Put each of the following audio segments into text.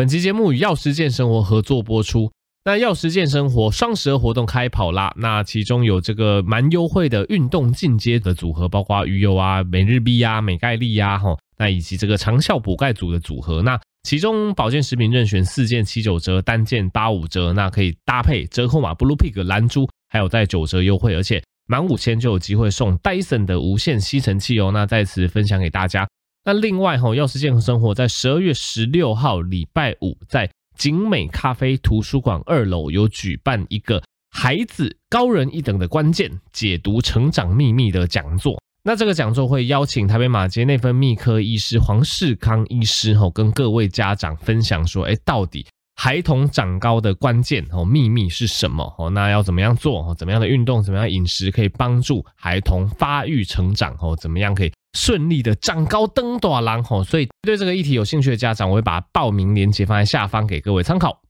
本期節目與藥師健生活合作播出。那藥師健生活雙十二活動開跑啦！那其中有這個蠻優惠的運動進階的組合，包括魚油啊、每日 B 啊、美鈣力啊，哈，那以及這個長效補鈣組的組合。那其中保健食品任選四件七九折，單件八五折。那可以搭配折扣碼 Blue Pig 藍豬，還有在九折優惠，而且滿五千就有機會送 Dyson 的無線吸塵器哦。那在此分享給大家。那另外哈，藥師健康生活在十二月十六號禮拜五，在景美咖啡圖書館二樓有舉辦一個“孩子高人一等的關鍵：解讀成長秘密”的講座。那這個講座會邀請台北馬偕內分泌科醫師黃世康醫師哈，跟各位家長分享說，哎，到底孩童長高的關鍵哦秘密是什麼哦？那要怎麼樣做？怎麼樣的運動？怎麼樣的飲食可以幫助孩童發育成長？哦，怎麼樣可以？順利的長高登大浪吼，所以對這個議題有興趣的家長，我會把報名鏈接放在下方給各位參考。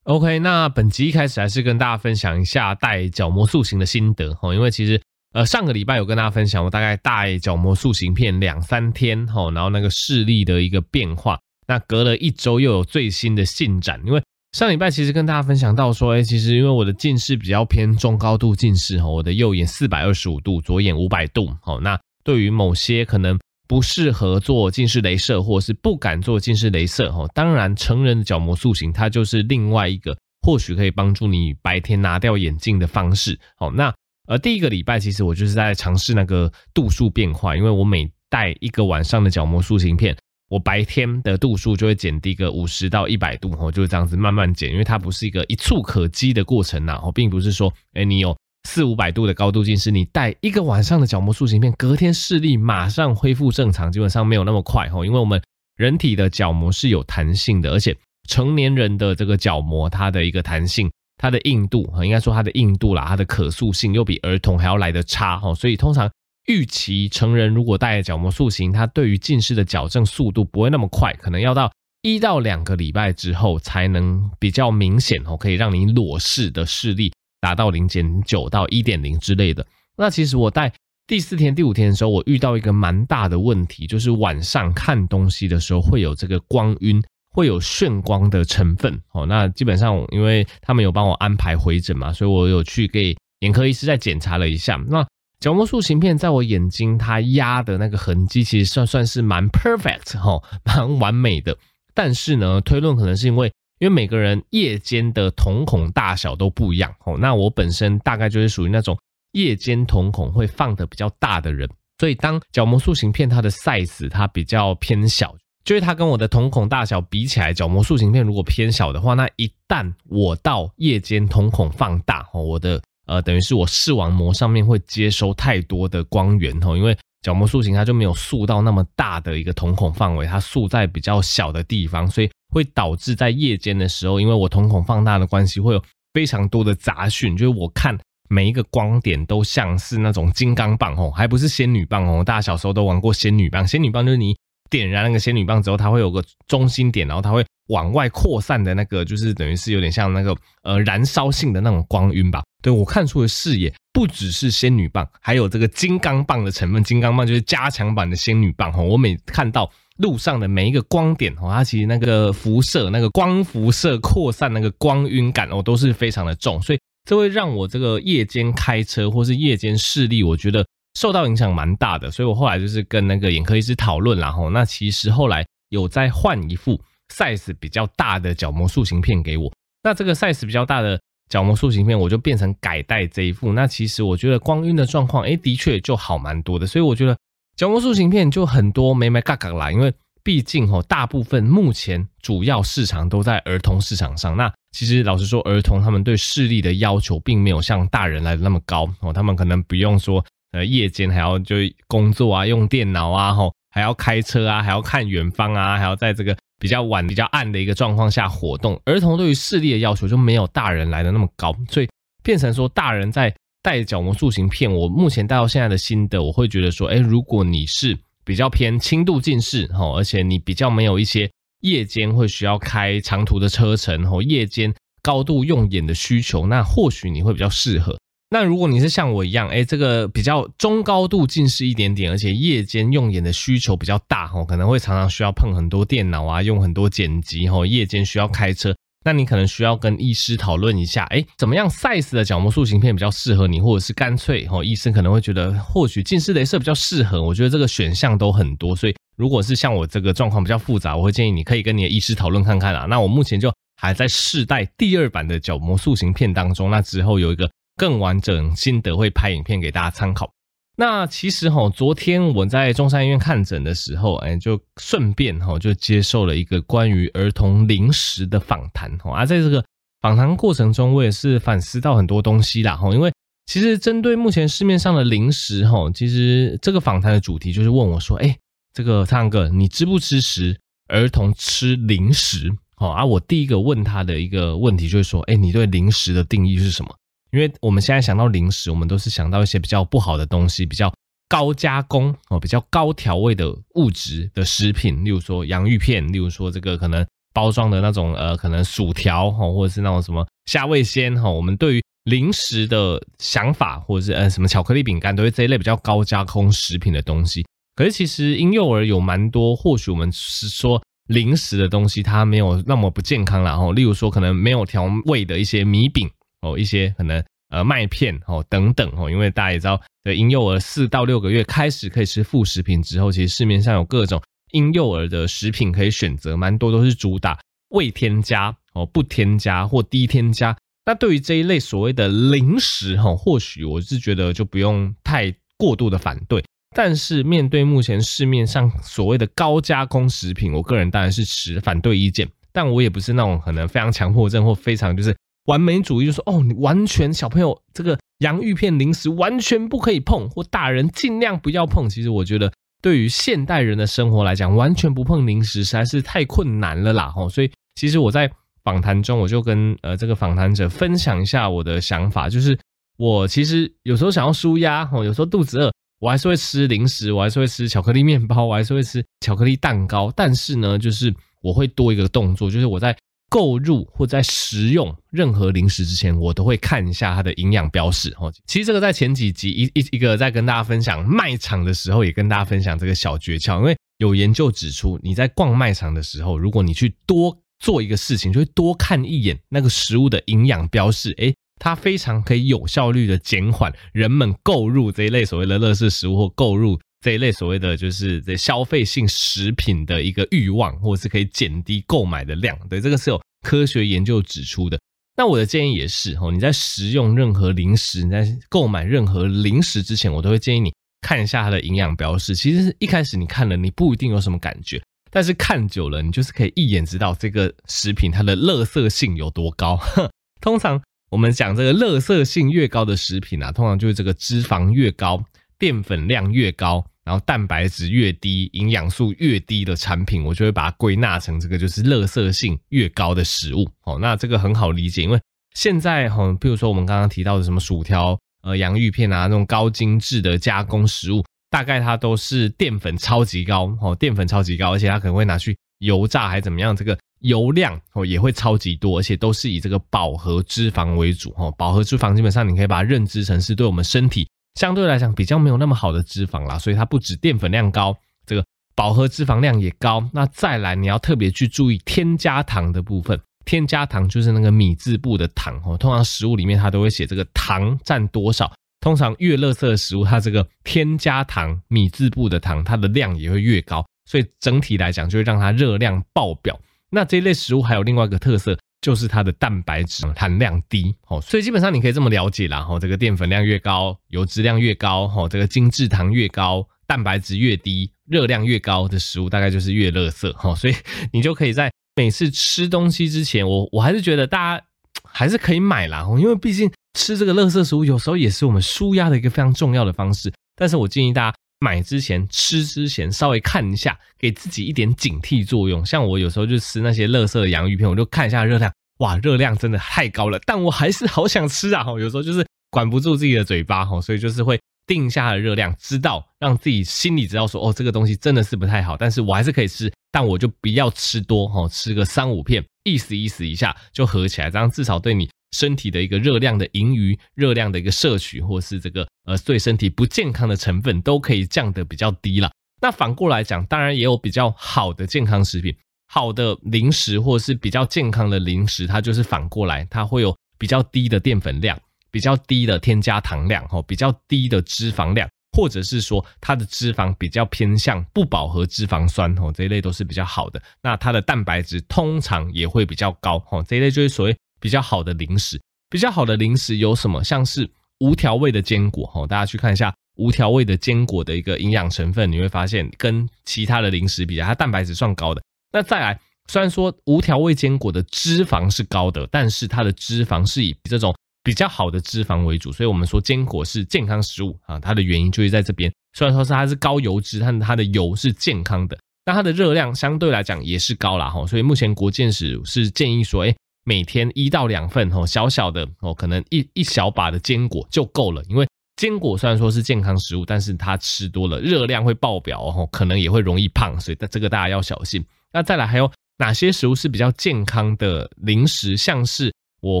OK，那本集一開始還是跟大家分享一下戴角膜塑形的心得哦，因為其實呃上個禮拜有跟大家分享我大概戴角膜塑形片兩三天吼，然後那個視力的一個變化，那隔了一周又有最新的進展，因為上禮拜其實跟大家分享到說，哎，其實因為我的近視比較偏中高度近視哈，我的右眼四百二十五度，左眼五百度，好那。對於某些可能不適合做近視雷射，或者是不敢做近視雷射，哈，當然成人的角膜塑形，它就是另外一個或許可以幫助你白天拿掉眼鏡的方式，好，那呃第一個禮拜其實我就是在嘗試那個度數變化，因為我每戴一個晚上的角膜塑形片，我白天的度數就會減低個五十到一百度，哈，就是這樣子慢慢減，因為它不是一個一蹴可及的過程吶，哈，並不是說，哎，你有。四五百度的高度近視，你戴一個晚上的角膜塑形片，隔天視力馬上恢復正常，基本上沒有那麼快哈。因為我們人體的角膜是有彈性的，而且成年人的這個角膜，它的一個彈性、它的硬度，應該說它的硬度啦，它的可塑性又比兒童還要來得差哈。所以通常預期成人如果戴角膜塑形，它對於近視的矯正速度不會那麼快，可能要到一到兩個禮拜之後才能比較明顯哦，可以讓你裸視的視力，達到零點九到一點零之類的。那其實我在第四天、第五天的時候，我遇到一個蠻大的問題，就是晚上看東西的時候會有這個光暈，會有眩光的成分。哦，那基本上因為他們有幫我安排回診嘛，所以我有去給眼科醫師再檢查了一下。那角膜塑型片在我眼睛它壓的那個痕跡，其實算算是蠻 perfect，吼，蠻完美的。但是呢，推論可能是因為。因為每個人夜間的瞳孔大小都不一樣哦，那我本身大概就是屬於那種夜間瞳孔會放的比較大的人，所以當角膜塑形片它的 size 它比較偏小，就是它跟我的瞳孔大小比起來，角膜塑形片如果偏小的話，那一旦我到夜間瞳孔放大哦，我的呃等於是我視網膜上面會接收太多的光源哦，因為。角膜塑形，它就沒有塑到那麼大的一個瞳孔範圍，它塑在比較小的地方，所以會導致在夜間的時候，因為我瞳孔放大的關係，會有非常多的雜訊，就是我看每一個光點都像是那種金剛棒哦，還不是仙女棒哦，大家小時候都玩過仙女棒，仙女棒就是你點燃那個仙女棒之後，它會有個中心點，然後它會。往外擴散的那個，就是等於是有點像那個呃燃燒性的那種光暈吧。對，我看出的視野不只是仙女棒，還有這個金剛棒的成分。金剛棒就是加強版的仙女棒哈。我每看到路上的每一個光點哈，它其實那個輻射、那個光輻射擴散、那個光暈感，哦，都是非常的重。所以這會讓我這個夜間開車或是夜間視力，我覺得受到影響蠻大的。所以我後來就是跟那個眼科醫師討論了吼，那其實後來有再換一副。size 比較大的角膜塑形片給我，那這個 size 比較大的角膜塑形片我就變成改戴這一副。那其實我覺得光暈的狀況，誒、欸、的確就好蠻多的。所以我覺得角膜塑形片就很多毛毛角角啦，因為畢竟吼，大部分目前主要市場都在兒童市場上。那其實老實說，兒童他們對視力的要求並沒有像大人來得那麼高哦，他們可能不用說呃，夜間還要就工作啊，用電腦啊，吼。還要開車啊，還要看遠方啊，還要在這個比較晚，比較暗的一個狀況下活動。兒童對於視力的要求就沒有大人來的那麼高，所以變成說大人在戴角膜塑型片。我目前戴到現在的心得，我會覺得說，哎、欸，如果你是比較偏輕度近視，哦，而且你比較沒有一些夜間會需要開長途的車程，吼，夜間高度用眼的需求，那或許你會比較適合。那如果你是像我一樣，哎、欸，這個比較中高度近視一點點，而且夜間用眼的需求比較大哈，可能會常常需要碰很多電腦啊，用很多剪輯哈，夜間需要開車，那你可能需要跟醫師討論一下，哎、欸，怎麼樣，size 的角膜塑形片比較適合你，或者是乾脆哈，醫生可能會覺得或許近視雷射比較適合。我覺得這個選項都很多，所以如果是像我這個狀況比較複雜，我會建議你可以跟你的醫師討論看看啦、啊。那我目前就還在試戴第二版的角膜塑形片當中，那之後有一個更完整心得會拍影片給大家參考。那其實哈、哦，昨天我在中山醫院看診的時候，哎，就順便哈、哦，就接受了一個關於兒童零食的訪談。哈、啊，而在這個訪談過程中，我也是反思到很多東西啦。哈，因為其實針對目前市面上的零食，哈，其實這個訪談的主題就是問我說，哎，這個蒼哥，你支不支持兒童吃零食？哦，啊，我第一個問他的一個問題就是說，哎，你對零食的定義是什麼？因為我們現在想到零食，我們都是想到一些比較不好的東西，比較高加工哦，比較高調味的物質的食品，例如說洋芋片，例如說這個可能包裝的那種呃，可能薯條哈、哦，或者是那種什麼蝦味先哈、哦。我們對於零食的想法，或者是呃什麼巧克力餅乾，都是這一類比較高加工食品的東西。可是其實嬰幼兒有蠻多，或許我們是說零食的東西，它沒有那麼不健康，然後、哦、例如說可能沒有調味的一些米餅。哦，一些可能呃麥片哦等等哦，因為大家也知道，呃，嬰幼兒四到六個月開始可以吃副食品之後，其實市面上有各種嬰幼兒的食品可以選擇，蠻多都是主打未添加哦、不添加或低添加。那對於這一類所謂的零食哈、哦，或許我是覺得就不用太過度的反對。但是面對目前市面上所謂的高加工食品，我個人當然是持反對意見，但我也不是那種可能非常強迫症或非常就是。完美主義就說哦，你完全小朋友這個洋芋片零食完全不可以碰，或大人盡量不要碰。其實我覺得，對於現代人的生活來講，完全不碰零食實在是太困難了啦。吼，所以其實我在訪談中，我就跟呃這個訪談者分享一下我的想法，就是我其實有時候想要紓壓，吼，有時候肚子餓，我還是會吃零食，我還是會吃巧克力麵包，我還是會吃巧克力蛋糕。但是呢，就是我會多一個動作，就是我在。購入或在食用任何零食之前，我都會看一下它的營養標示。其實這個在前幾集一一一,一個在跟大家分享賣場的時候，也跟大家分享這個小訣竅。因為有研究指出，你在逛賣場的時候，如果你去多做一個事情，就會多看一眼那個食物的營養標示。誒，它非常可以有效率的減緩人們購入這一類所謂的垃圾食物或購入。這一類所謂的就是這消費性食品的一個欲望，或者是可以減低購買的量，對這個是有科學研究指出的。那我的建議也是哦，你在食用任何零食，你在購買任何零食之前，我都會建議你看一下它的營養標識。其實是一開始你看了，你不一定有什麼感覺，但是看久了，你就是可以一眼知道這個食品它的垃圾性有多高。哼，通常我們講這個垃圾性越高的食品啊，通常就是這個脂肪越高，澱粉量越高。然後蛋白質越低，營養素越低的產品，我就會把它歸納成這個就是垃圾性越高的食物。哦，那這個很好理解，因為現在哈，譬如說我們剛剛提到的什麼薯條、呃洋芋片啊，那種高精致的加工食物，大概它都是澱粉超級高，哦，澱粉超級高，而且它可能會拿去油炸還怎麼樣，這個油量哦也會超級多，而且都是以這個飽和脂肪為主，哦，飽和脂肪基本上你可以把它認知成是對我們身體。相對來講比較沒有那麼好的脂肪啦，所以它不止澱粉量高，這個飽和脂肪量也高。那再來你要特別去注意添加糖的部分，添加糖就是那個米字部的糖哦。通常食物裡面它都會寫這個糖佔多少，通常越垃圾的食物它這個添加糖米字部的糖它的量也會越高，所以整體來講就會讓它熱量爆表。那這一類食物還有另外一個特色。就是它的蛋白質含量低，好，所以基本上你可以這麼了解啦。哈，這個澱粉量越高，油脂量越高，哈，這個精制糖越高，蛋白質越低，熱量越高的食物大概就是越垃圾，哈。所以你就可以在每次吃東西之前，我我還是覺得大家還是可以買啦，因為畢竟吃這個垃圾食物有時候也是我們舒壓的一個非常重要的方式。但是我建議大家，買之前、吃之前，稍微看一下，給自己一點警惕作用。像我有時候就吃那些垃圾的洋芋片，我就看一下熱量，哇，熱量真的太高了。但我還是好想吃啊，有時候就是管不住自己的嘴巴，哈，所以就是會定下的熱量，知道讓自己心裡知道說，哦，這個東西真的是不太好，但是我還是可以吃，但我就不要吃多，哦，吃個三五片，意思意思一下就合起來，這樣至少對你身體的一個熱量的盈餘熱量的一個攝取，或是這個呃對身體不健康的成分都可以降得比較低了。那反過來講，當然也有比較好的健康食品，好的零食或是比較健康的零食，它就是反過來，它會有比較低的澱粉量，比較低的添加糖量，比較低的脂肪量，或者是說它的脂肪比較偏向不飽和脂肪酸，吼這一類都是比較好的。那它的蛋白質通常也會比較高，吼這一類就是所謂。比較好的零食，比較好的零食有什麼？像是無調味的堅果，大家去看一下無調味的堅果的一個營養成分，你會發現跟其他的零食比較，它蛋白質算高的。那再來，雖然說無調味堅果的脂肪是高的，但是它的脂肪是以這種比較好的脂肪為主，所以我們說堅果是健康食物啊，它的原因就是在這邊。雖然說是它是高油脂，但它的油是健康的，那它的熱量相對來講也是高了，哈。所以目前國健署是建議說，哎、欸。每天一到兩份哦，小小的哦，可能一一小把的堅果就夠了。因為堅果雖然說是健康食物，但是它吃多了熱量會爆表哦，可能也會容易胖，所以這個大家要小心。那再來還有哪些食物是比較健康的零食？像是我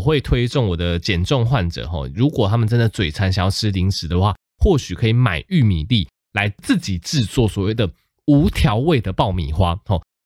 會推重我的減重患者哦，如果他們真的嘴饞想要吃零食的話，或許可以買玉米粒來自己制作所謂的無調味的爆米花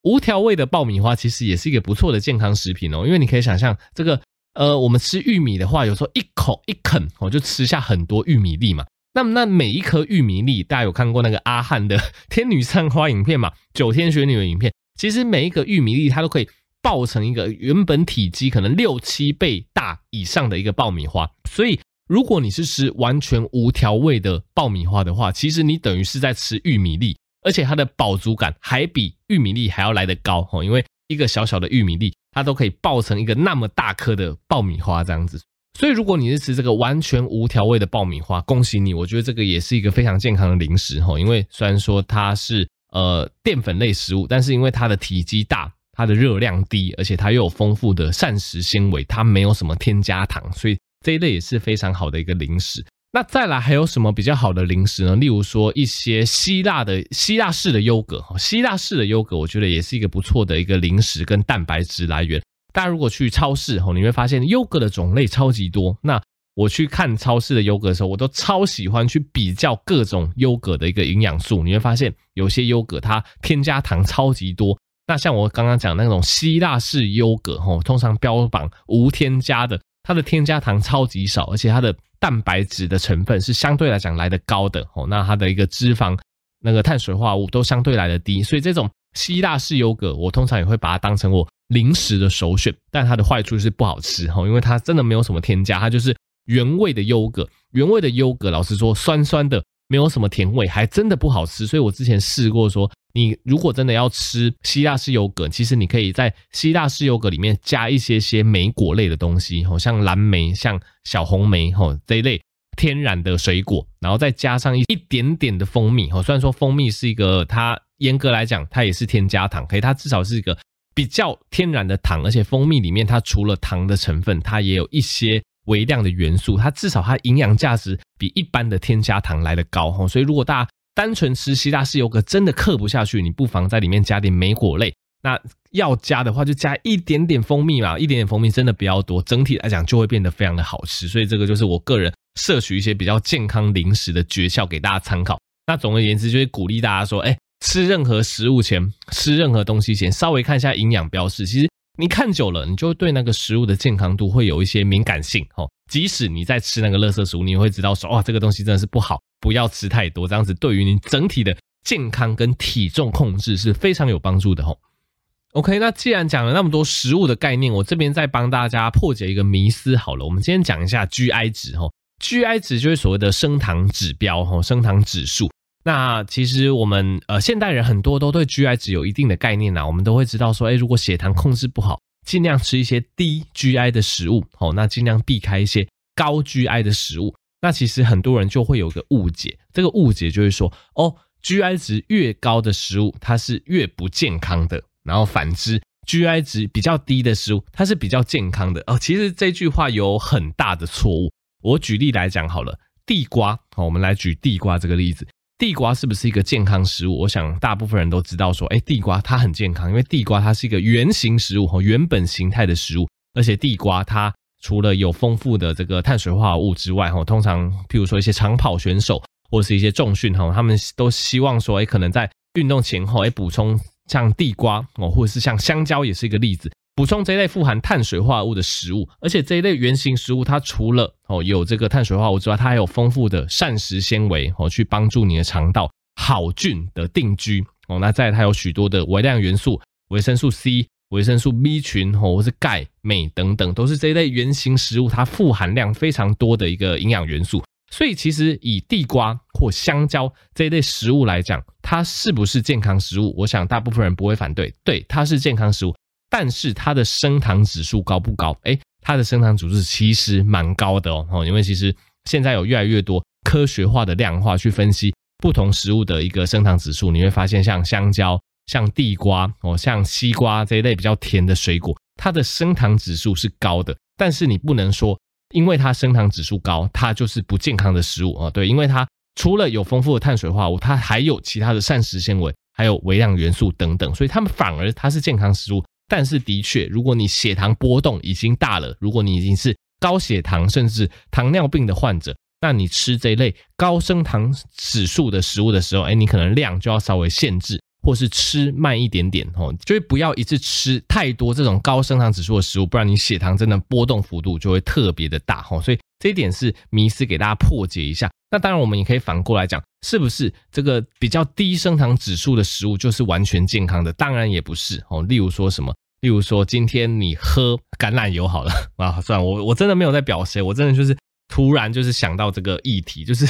無調味的爆米花其實也是一個不錯的健康食品哦，因為你可以想象，這個呃，我們吃玉米的話，有時候一口一啃，我就吃下很多玉米粒嘛。那麼，那每一顆玉米粒，大家有看過那個阿漢的《天女散花》影片嘛，《九天玄女》的影片？其實每一個玉米粒，它都可以爆成一個原本體積可能六七倍大以上的一個爆米花。所以，如果你是吃完全無調味的爆米花的話，其實你等於是在吃玉米粒。而且它的飽足感還比玉米粒還要來得高哦，因為一個小小的玉米粒，它都可以爆成一個那麼大顆的爆米花這樣子。所以如果你是吃這個完全無調味的爆米花，恭喜你，我覺得這個也是一個非常健康的零食哦，因為雖然說它是呃澱粉類食物，但是因為它的體積大，它的熱量低，而且它又有豐富的膳食纖維，它沒有什麼添加糖，所以這一類也是非常好的一個零食。那再來還有什麼比較好的零食呢？例如說一些希臘的希臘式的優格哈，希臘式的優格我覺得也是一個不錯的一個零食跟蛋白質來源。大家如果去超市哈，你會發現優格的種類超級多。那我去看超市的優格的時候，我都超喜歡去比較各種優格的一個營養素。你會發現有些優格它添加糖超級多。那像我剛剛講那種希臘式優格哈，通常標榜無添加的，它的添加糖超級少，而且它的。蛋白質的成分是相對來講來得高的哦，那它的一個脂肪、那個碳水化合物都相對來得低，所以這種希臘式優格，我通常也會把它當成我零食的首選。但它的壞處是不好吃哦，因為它真的沒有什麼添加，它就是原味的優格。原味的優格老實說，酸酸的，沒有什麼甜味，還真的不好吃。所以我之前試過說。你如果真的要吃希臘式優格，其實你可以在希臘式優格裡面加一些些莓果類的東西，好像藍莓、像小紅莓，吼這一類天然的水果，然後再加上一一點點的蜂蜜，吼，雖然說蜂蜜是一個，它嚴格來講它也是添加糖，嘿，它至少是一個比較天然的糖，而且蜂蜜裡面它除了糖的成分，它也有一些微量的元素，它至少它營養價值比一般的添加糖來得高，吼，所以如果大家。單純吃希臘式優格真的克不下去，你不妨在裡面加點莓果類。那要加的話，就加一點點蜂蜜嘛，一點點蜂蜜真的比較多，整體來講就會變得非常的好吃。所以這個就是我個人攝取一些比較健康零食的訣竅，給大家參考。那總而言之，就是鼓勵大家說，哎、欸，吃任何食物前，吃任何東西前，稍微看一下營養標示，其實。你看久了，你就對那個食物的健康度會有一些敏感性哦。即使你在吃那個垃圾食物，你也會知道說，哇，這個東西真的是不好，不要吃太多。這樣子對於你整體的健康跟體重控制是非常有幫助的哦。OK，那既然講了那麼多食物的概念，我這邊再幫大家破解一個迷思好了。我們今天講一下 GI 值哦，GI 值就是所謂的升糖指標哦，升糖指數。那其實我們呃，現代人很多都對 GI 值，有一定的概念吶，我們都會知道說，哎，如果血糖控制不好，盡量吃一些低 GI 的食物，好，那盡量避開一些高 GI 的食物。那其實很多人就會有個誤解，這個誤解就是說，哦，GI 值，越高的食物它是越不健康的，然後反之，GI 值比較低的食物它是比較健康的哦。其實這句話有很大的錯誤。我舉例來講好了，地瓜，好，我們來舉地瓜這個例子。地瓜是不是一個健康食物？我想大部分人都知道，說，哎、欸，地瓜它很健康，因為地瓜它是一個原型食物哈，原本形態的食物，而且地瓜它除了有豐富的這個碳水化合物之外哈，通常譬如說一些長跑選手或是一些重訓哈，他們都希望說，哎、欸，可能在運動前後，哎、欸，補充像地瓜哦，或者是像香蕉也是一個例子。補充這一類富含碳水化合物的食物，而且這一類原型食物，它除了哦有這個碳水化合物之外，它還有豐富的膳食纖維哦，去幫助你的腸道好菌的定居哦。那再它有許多的微量元素、維生素 C、維生素 B 群哦，或者是鈣、鎂等等，都是這一類原型食物它富含量非常多的一個營養元素。所以其實以地瓜或香蕉這一類食物來講，它是不是健康食物？我想大部分人不會反對，對，它是健康食物。但是它的升糖指數高不高？哎，它的升糖指數其實蠻高的哦。因為其實現在有越來越多科學化的量化去分析不同食物的一個升糖指數，你會發現像香蕉、像地瓜、哦像西瓜這一類比較甜的水果，它的升糖指數是高的。但是你不能說因為它升糖指數高，它就是不健康的食物哦，對，因為它除了有豐富的碳水化合物，它還有其他的膳食纖維，還有微量元素等等，所以它們反而它是健康食物。但是的確，如果你血糖波動已經大了，如果你已經是高血糖甚至糖尿病的患者，那你吃這一類高升糖指數的食物的時候，哎、欸，你可能量就要稍微限制，或是吃慢一點點哦，就是不要一次吃太多這種高升糖指數的食物，不然你血糖真的波動幅度就會特別的大哦。所以這一點是迷思，給大家破解一下。那當然，我們也可以反過來講，是不是這個比較低升糖指數的食物就是完全健康的？當然也不是哦。例如說什麼，例如說今天你喝橄欖油好了啊，算了，我我真的沒有在婊誰，我真的就是突然就是想到這個議題，就是。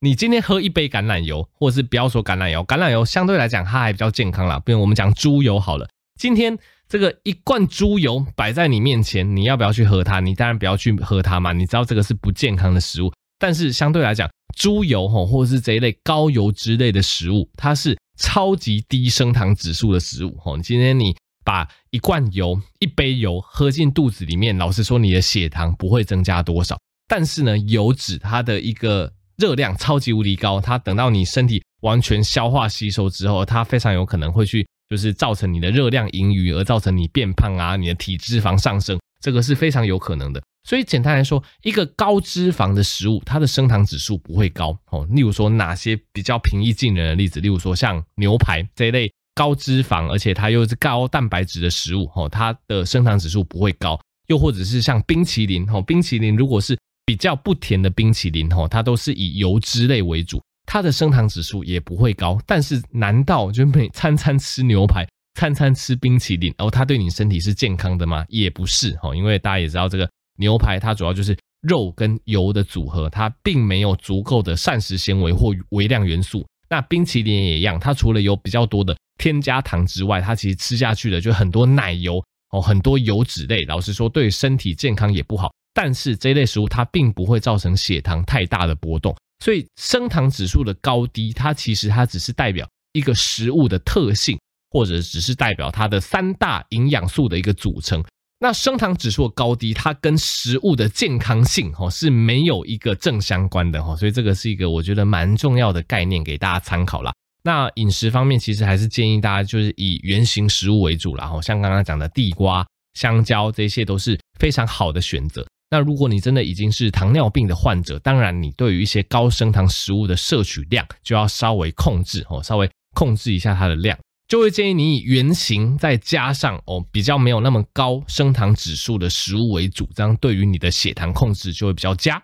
你今天喝一杯橄欖油，或者是不要說橄欖油，橄欖油相對來講它還比較健康啦。比如我們講豬油好了，今天這個一罐豬油擺在你面前，你要不要去喝它？你當然不要去喝它嘛，你知道這個是不健康的食物。但是相對來講，豬油吼，或者是這一類高油脂類的食物，它是超級低升糖指數的食物吼，今天你把一罐油、一杯油喝進肚子裡面，老實說，你的血糖不會增加多少。但是呢，油脂它的一個熱量超級無敵高，它等到你身體完全消化吸收之後，它非常有可能會去就是造成你的熱量盈餘，而造成你變胖啊，你的體脂肪上升，這個是非常有可能的。所以簡單來說，一個高脂肪的食物，它的升糖指數不會高哦。例如說哪些比較平易近人的例子，例如說像牛排這一類高脂肪，而且它又是高蛋白質的食物哦，它的升糖指數不會高。又或者是像冰淇淋哦，冰淇淋如果是，比較不甜的冰淇淋哦，它都是以油脂類為主，它的升糖指數也不會高。但是，難道就每餐餐吃牛排，餐餐吃冰淇淋，然後，哦，它對你身體是健康的嗎？也不是哦，因為大家也知道，這個牛排它主要就是肉跟油的組合，它並沒有足夠的膳食纖維或微量元素。那冰淇淋也一樣，它除了有比較多的添加糖之外，它其實吃下去的就很多奶油哦，很多油脂類。老實說，對身體健康也不好。但是這類食物，它並不會造成血糖太大的波動，所以升糖指數的高低，它其實它只是代表一個食物的特性，或者只是代表它的三大營養素的一個組成。那升糖指數的高低，它跟食物的健康性哈是沒有一個正相關的哈，所以這個是一個我覺得蠻重要的概念給大家參考啦。那飲食方面，其實還是建議大家就是以原型食物為主啦，哈，像剛剛講的地瓜、香蕉，這些都是非常好的選擇。那如果你真的已經是糖尿病的患者，當然你對於一些高升糖食物的攝取量就要稍微控制哦，稍微控制一下它的量，就會建議你以原型再加上哦比較沒有那麼高升糖指數的食物為主，這樣對於你的血糖控制就會比較佳。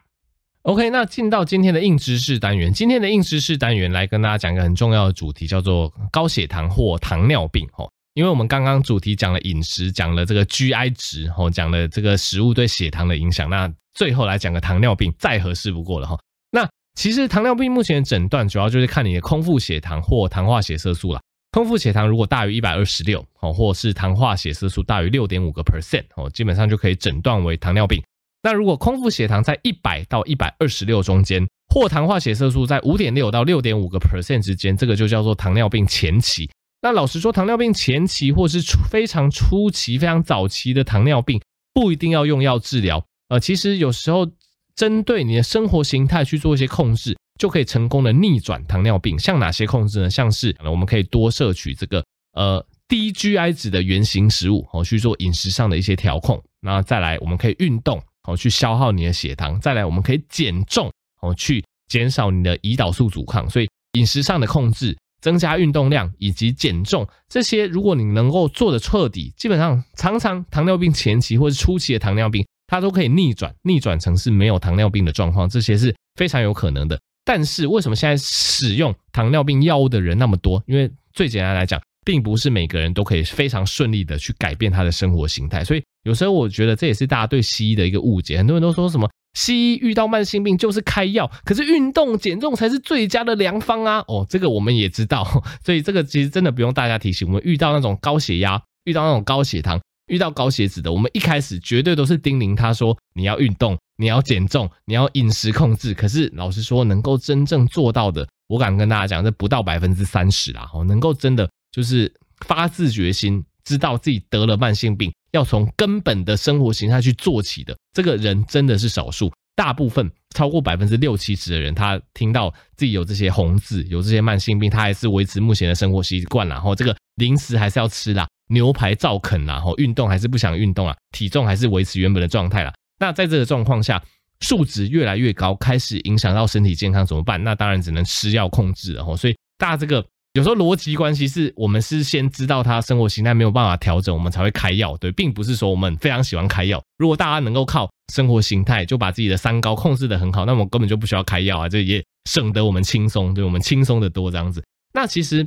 OK，那進到今天的硬知識單元，今天的硬知識單元來跟大家講一個很重要的主題，叫做高血糖或糖尿病哦。因為我們剛剛主題講了飲食，講了這個 GI 值，吼，講了這個食物對血糖的影響，那最後來講個糖尿病再合適不過了，哈。那其實糖尿病目前診斷主要就是看你的空腹血糖或糖化血色素啦。空腹血糖如果大於一百二十六，哦，或是糖化血色素大於六點五個 percent，哦，基本上就可以診斷為糖尿病。那如果空腹血糖在一百到一百二十六中間，或糖化血色素在五點六到六點五個 percent 之間，這個就叫做糖尿病前期。那老實說，糖尿病前期或是出非常初期，非常早期的糖尿病，不一定要用藥治療。呃，其實有時候針對你的生活形態去做一些控制，就可以成功的逆轉糖尿病。像哪些控制呢？像是我們可以多攝取這個呃低 GI 值的原型食物，哦去做飲食上的一些調控。那再來，我們可以運動，哦去消耗你的血糖。再來，我們可以減重，哦去減少你的胰島素阻抗。所以飲食上的控制、增加運動量以及減重，這些如果你能夠做得徹底，基本上常常糖尿病前期或是初期的糖尿病，它都可以逆轉，逆轉成是沒有糖尿病的狀況，這些是非常有可能的。但是為什麼現在使用糖尿病藥物的人那麼多？因為最簡單來講，並不是每個人都可以非常順利的去改變他的生活形態，所以有時候我覺得這也是大家對西醫的一個誤解，很多人都說什麼。西醫遇到慢性病就是開藥，可是運動減重才是最佳的良方啊！哦，這個我們也知道，所以這個其實真的不用大家提醒。我們遇到那種高血壓、遇到那種高血糖、遇到高血脂的，我們一開始絕對都是叮嚀他說：你要運動，你要減重，你要飲食控制。可是老實說，能夠真正做到的，我敢跟大家講，這不到百分之三十啦。哦，能夠真的就是發自決心。知道自己得了慢性病，要從根本的生活形態去做起的這個人真的是少數，大部分超過百分之六七十的人，他聽到自己有這些紅字，有這些慢性病，他還是維持目前的生活習慣啦，然後這個零食還是要吃的，牛排照啃啦，然後運動還是不想運動啊，體重還是維持原本的狀態啦。那在這個狀況下，數值越來越高，開始影響到身體健康怎麼辦？那當然只能吃藥控制了。吼，所以大家這個。有時候邏輯關係是我們是先知道他生活形態沒有辦法調整，我們才會開藥，對，並不是說我們非常喜歡開藥。如果大家能夠靠生活形態就把自己的三高控制的很好，那我們根本就不需要開藥啊，這也省得我們輕鬆，對我們輕鬆的多這樣子。那其實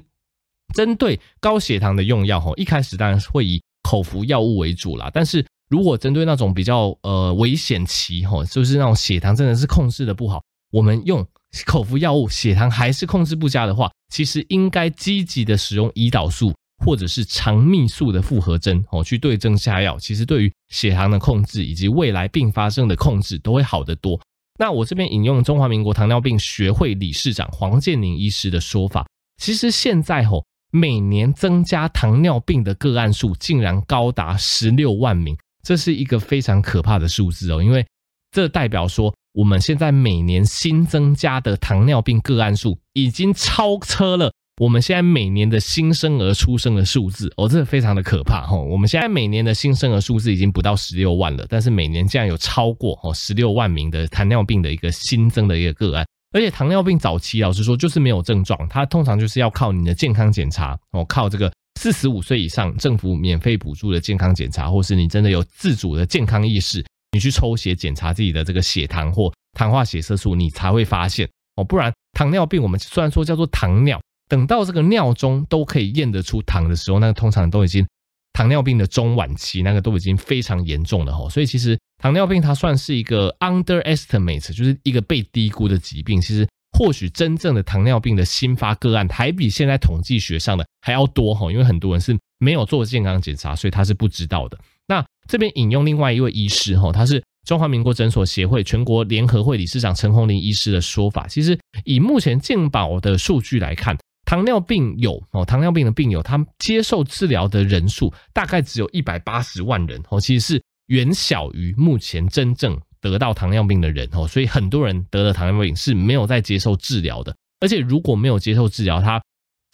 針對高血糖的用藥，吼，一開始當然是會以口服藥物為主啦。但是如果針對那種比較呃危險期，吼，就是那種血糖真的是控制的不好，我們用。口服藥物血糖還是控制不佳的話，其實應該積極的使用胰島素或者是腸泌素的複合針哦，去對症下藥。其實對於血糖的控制以及未來併發症的控制都會好得多。那我這邊引用中華民國糖尿病學會理事長黃建寧醫師的說法，其實現在哦，每年增加糖尿病的個案數竟然高達十六萬名，這是一個非常可怕的數字哦，因為這代表說。我們現在每年新增加的糖尿病個案數已經超車了我們現在每年的新生兒出生的數字，哦，這非常的可怕哈！我們現在每年的新生兒數字已經不到十六萬了，但是每年竟然有超過哦十六萬名的糖尿病的一個新增的一個個案，而且糖尿病早期老實說就是沒有症狀，它通常就是要靠你的健康檢查哦，靠這個四十五歲以上政府免費補助的健康檢查，或是你真的有自主的健康意識。你去抽血檢查自己的這個血糖或糖化血色素，你才會發現哦。不然糖尿病，我們雖然說叫做糖尿，等到這個尿中都可以驗得出糖的時候，那個通常都已經糖尿病的中晚期，那個都已經非常嚴重了哈。所以其實糖尿病它算是一個 underestimate，就是一個被低估的疾病。其實或許真正的糖尿病的新發個案還比現在統計學上的還要多哈，因為很多人是沒有做健康檢查，所以他是不知道的。這邊引用另外一位醫師，哈，他是中華民國診所協會全國聯合會理事長陳宏麟醫師的說法。其實以目前健保的數據來看，糖尿病友哦，糖尿病的病友，他接受治療的人數大概只有一百八十萬人哦，其實是遠小於目前真正得到糖尿病的人哦，所以很多人得了糖尿病是沒有在接受治療的，而且如果沒有接受治療，他，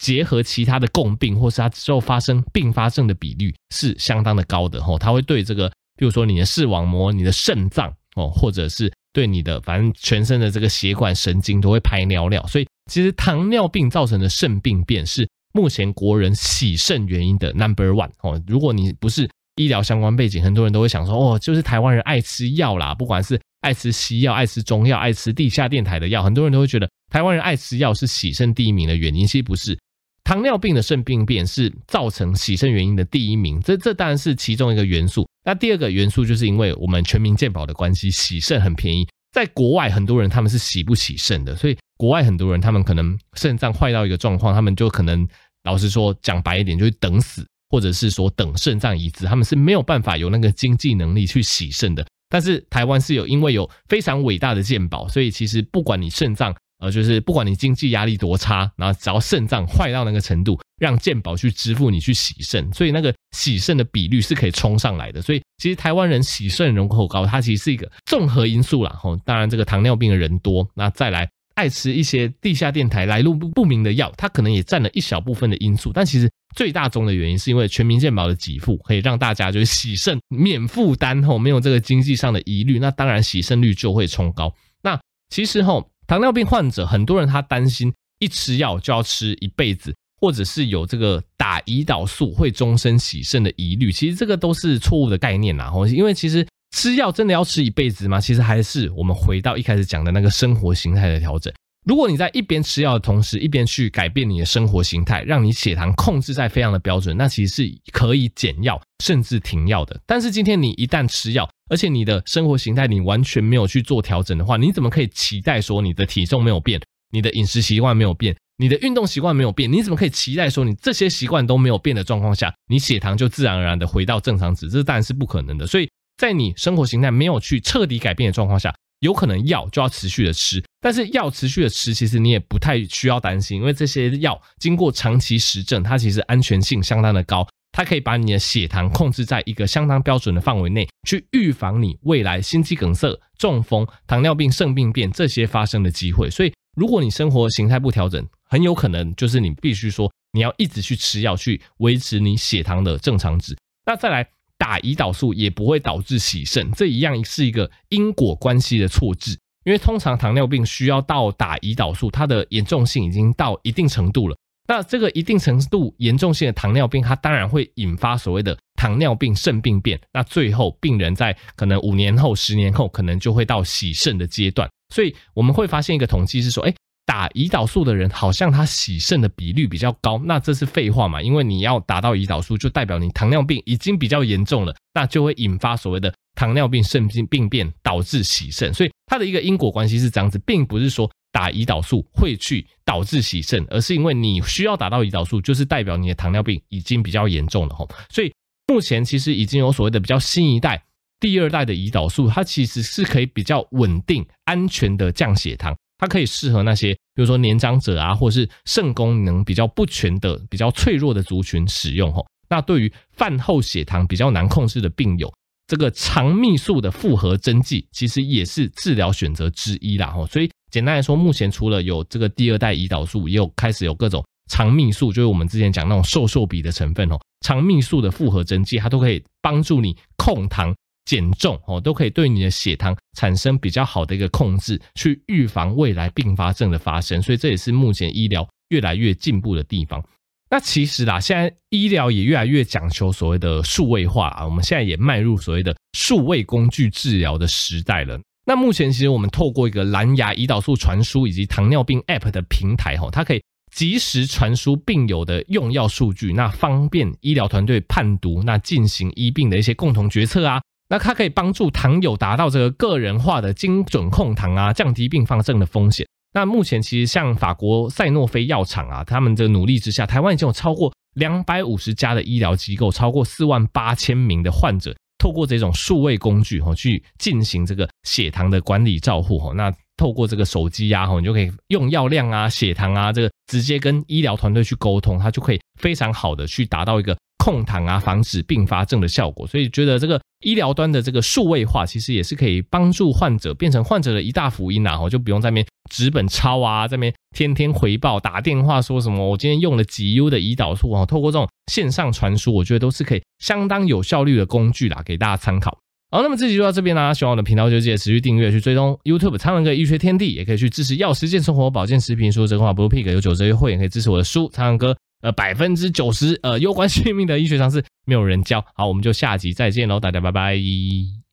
結合其他的共病，或是它之後發生併發症的比率是相當的高的吼，它、哦、會對這個，比如說你的視網膜、你的腎臟哦，或者是對你的反正全身的這個血管、神經都會拍尿尿，所以其實糖尿病造成的腎病變是目前國人洗腎原因的 number one 哦。如果你不是醫療相關背景，很多人都會想說，哦，就是台灣人愛吃藥啦，不管是愛吃西藥，愛吃中藥，愛吃地下電台的藥，很多人都會覺得台灣人愛吃藥是洗腎第一名的原因，其實不是。糖尿病的腎病變是造成洗腎原因的第一名，這這當然是其中一個元素。那第二個元素就是因為我們全民健保的關係，洗腎很便宜。在國外，很多人他們是洗不起腎的，所以國外很多人他們可能腎臟壞到一個狀況，他們就可能老實說講白一點，就是等死，或者是說等腎臟移植，他們是沒有辦法有那個經濟能力去洗腎的。但是台灣是有，因為有非常偉大的健保，所以其實不管你腎臟，呃，就是不管你經濟壓力多差，然後只要腎臟壞到那個程度，讓健保去支付你去洗腎，所以那個洗腎的比率是可以衝上來的。所以其實台灣人洗腎人口高，它其實是一個綜合因素啦。吼，當然這個糖尿病的人多，那再來。愛吃一些地下電台來路不明的藥，它可能也占了一小部分的因素，但其實最大宗的原因是因為全民健保的給付可以讓大家就是洗腎免負擔後沒有這個經濟上的疑慮，那當然洗腎率就會衝高。那其實吼，糖尿病患者很多人他擔心一吃藥就要吃一輩子，或者是有這個打胰島素會終身洗腎的疑慮，其實這個都是錯誤的概念啦，因為其實。吃藥真的要吃一輩子嗎？其實還是我們回到一開始講的那個生活形態的調整。如果你在一邊吃藥的同時，一邊去改變你的生活形態，讓你血糖控制在非常的標準，那其實是可以減藥甚至停藥的。但是今天你一旦吃藥，而且你的生活形態你完全沒有去做調整的話，你怎麼可以期待說你的體重沒有變，你的飲食習慣沒有變，你的運動習慣沒有變？你怎麼可以期待說你這些習慣都沒有變的狀況下，你血糖就自然而然的回到正常值？這當然是不可能的。所以。在你生活形態沒有去徹底改變的狀況下，有可能藥就要持續的吃，但是藥持續的吃，其實你也不太需要擔心，因為這些藥經過長期實證，它其實安全性相當的高，它可以把你的血糖控制在一個相當標準的範圍內，去預防你未來心肌梗塞、中風、糖尿病腎病變這些發生的機會。所以，如果你生活形態不調整，很有可能就是你必須說你要一直去吃藥去維持你血糖的正常值。那再來。打胰島素也不會導致洗腎，這一樣是一個因果關係的錯置。因為通常糖尿病需要到打胰島素，它的嚴重性已經到一定程度了。那這個一定程度嚴重性的糖尿病，它當然會引發所謂的糖尿病腎病變。那最後病人在可能五年後、十年後，可能就會到洗腎的階段。所以我們會發現一個統計是說，哎、欸。打胰島素的人好像他洗腎的比率比較高，那這是廢話嘛？因為你要打到胰島素，就代表你糖尿病已經比較嚴重了，那就會引發所謂的糖尿病腎病病變，導致洗腎。所以它的一個因果關係是這樣子，並不是說打胰島素會去導致洗腎，而是因為你需要打到胰島素，就是代表你的糖尿病已經比較嚴重了吼。所以目前其實已經有所謂的比較新一代、第二代的胰島素，它其實是可以比較穩定、安全的降血糖。它可以適合那些，比如說年長者啊，或者是腎功能比較不全的、比較脆弱的族群使用齁。那對於飯後血糖比較難控制的病友，這個腸泌素的複合針劑其實也是治療選擇之一啦齁。所以簡單來說，目前除了有這個第二代胰島素，也有開始有各種腸泌素，就是我們之前講那種瘦瘦筆的成分哦，腸泌素的複合針劑，它都可以幫助你控糖。減重哦，都可以對你的血糖產生比較好的一個控制，去預防未來併發症的發生。所以這也是目前醫療越來越進步的地方。那其實啦，現在醫療也越來越講求所謂的數位化啊，我們現在也邁入所謂的數位工具治療的時代了。那目前其實我們透過一個藍牙胰島素傳輸以及糖尿病 App 的平台哦，它可以即時傳輸病友的用藥數據，那方便醫療團隊判讀，那進行醫病的一些共同決策啊。那它可以幫助糖友達到這個個人化的精準控糖啊，降低併發症的風險。那目前其實像法國賽諾菲藥廠啊，他們這個努力之下，台灣已經有超過兩百五十家的醫療機構，超過四萬八千名的患者，透過這種數位工具哈、喔，去進行這個血糖的管理照護哈。那透過這個手機呀、啊，你就可以用藥量啊、血糖啊，這個直接跟醫療團隊去溝通，它就可以非常好的去達到一個控糖啊、防止併發症的效果。所以覺得這個醫療端的這個數位化，其實也是可以幫助患者變成患者的一大福音啊，哈，就不用在那邊紙本抄啊，在那邊天天回報，打電話說什麼，我今天用了幾 U 的胰島素啊，透過這種線上傳輸，我覺得都是可以相當有效率的工具啦，給大家參考。好，那麼這集就到這邊啦、啊。喜歡我的頻道，就記得持續訂閱去追蹤 YouTube 蒼藍鴿醫學天地，也可以去支持藥師健生活保健食品，說 bluepig 有九折優惠，也可以支持我的書蒼藍鴿，呃百分之九十呃攸關性命的醫學常識沒有人教。好，我們就下集再見嘍，大家拜拜。